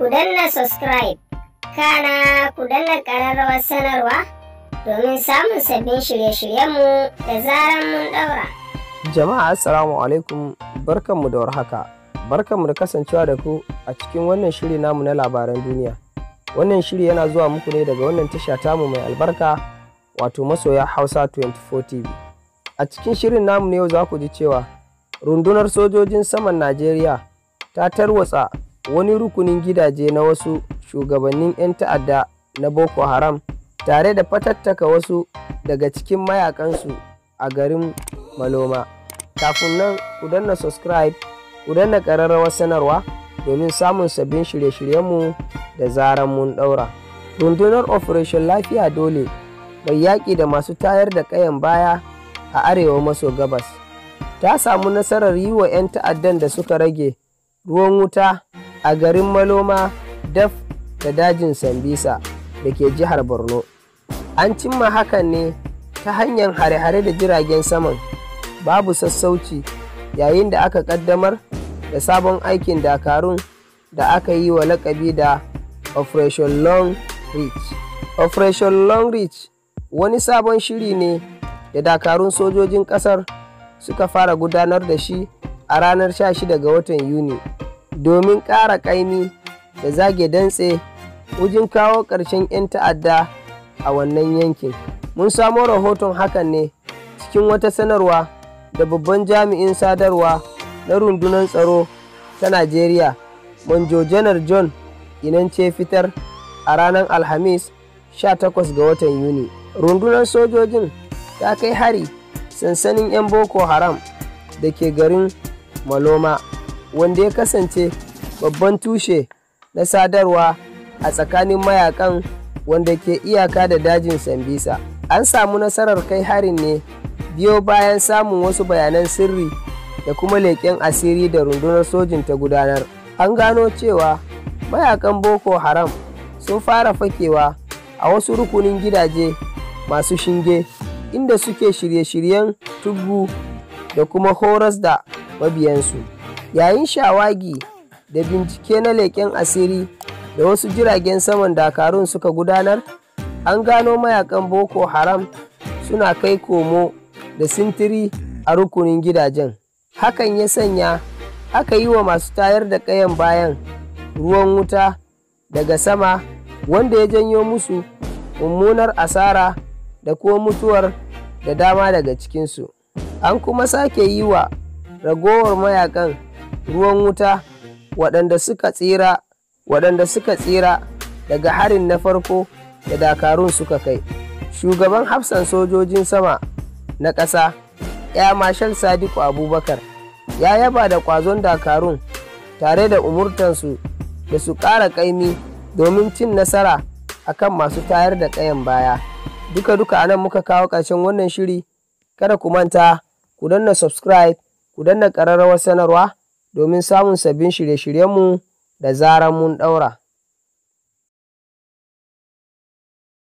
ku subscribe kana ku danna ƙararrawar sanarwa domin samun sabbin shirye-shiryenmu da zaran mun daura. Jama'a Assalamu alaikum barkanmu da warhaka barkanmu da kasancewa da ku a cikin wannan shiri namu na labaran duniya. Wannan shiri yana zuwa muku ne daga wannan tasha tamu mai albarka wato masoya Hausa 24 TV. A cikin shirin namu ne yau za ku ji cewa rundunar sojojin saman Najeriya ta tarwatsa wani rukunin gidaje na wasu shugabannin 'yan ta'adda na boko haram tare da fatattaka wasu daga cikin mayakansu a garin maloma kafin nan ku danna subscribe ku danna ƙararrawar sanarwa domin samun sabbin shirye-shiryenmu da zaran mun ɗaura rundunar operation lafiya dole bai yaƙi da masu tayar da ƙayan baya a arewa maso gabas ta samu nasarar yi wa 'yan ta'addan da suka rage ruwan wuta a garin Maloma daf da dajin Sambisa da ke jihar Borno. An cimma hakan ne ta hanyar hare-hare da jiragen saman babu sassauci yayin da aka kaddamar da sabon aikin Dakarun da aka yi wa lakabi da Operation Long Reach. Operation Long Reach wani sabon shiri ne da Dakarun sojojin ƙasar suka fara gudanar da shi a ranar 16 ga watan Yuni. domin ƙara ƙaimi da zage dantse wajen kawo ƙarshen 'yan ta'adda a wannan yankin. Mun samo rahoton hakan ne cikin wata sanarwa da babban jami'in sadarwa na rundunar tsaro ta Najeriya, Manjo Janar John ce fitar a ranar Alhamis 18 ga watan Yuni. Rundunar sojojin ta kai hari sansanin 'yan Boko Haram da ke garin Maloma. wanda ya kasance babban tushe na sadarwa a tsakanin mayakan wanda ke iyaka da dajin sambisa an samu nasarar kai harin ne biyo bayan samun wasu bayanan sirri da kuma leƙen asiri da rundunar sojin ta gudanar an gano cewa mayakan boko haram sun fara fakewa a wasu rukunin gidaje masu shinge inda suke shirye-shiryen tubu da kuma horas da mabiyansu. yayin shawagi da bincike na leƙen asiri da wasu jiragen saman dakarun suka gudanar an gano mayakan boko haram suna kai komo da sintiri a rukunin gidajen hakan ya sanya aka yi wa masu tayar da ƙayan bayan ruwan wuta daga sama wanda ya janyo musu mummunar asara da kuma mutuwar da dama daga cikinsu an kuma sake yi wa ragowar mayakan ruwan wuta waɗanda suka tsira waɗanda suka tsira daga harin na farko da dakarun suka kai shugaban hafsan sojojin sama na ƙasa ya mashal sadiku abubakar ya yaba da ƙwazon dakarun tare da umurtansu da su ƙara ƙaimi domin cin nasara akan masu tayar da ƙayan baya duka duka anan muka kawo ƙarshen wannan shiri kada ku manta ku danna subscribe ku danna ƙararrawar sanarwa domin samun sabbin shirye-shiryenmu da zarar mun ɗaura.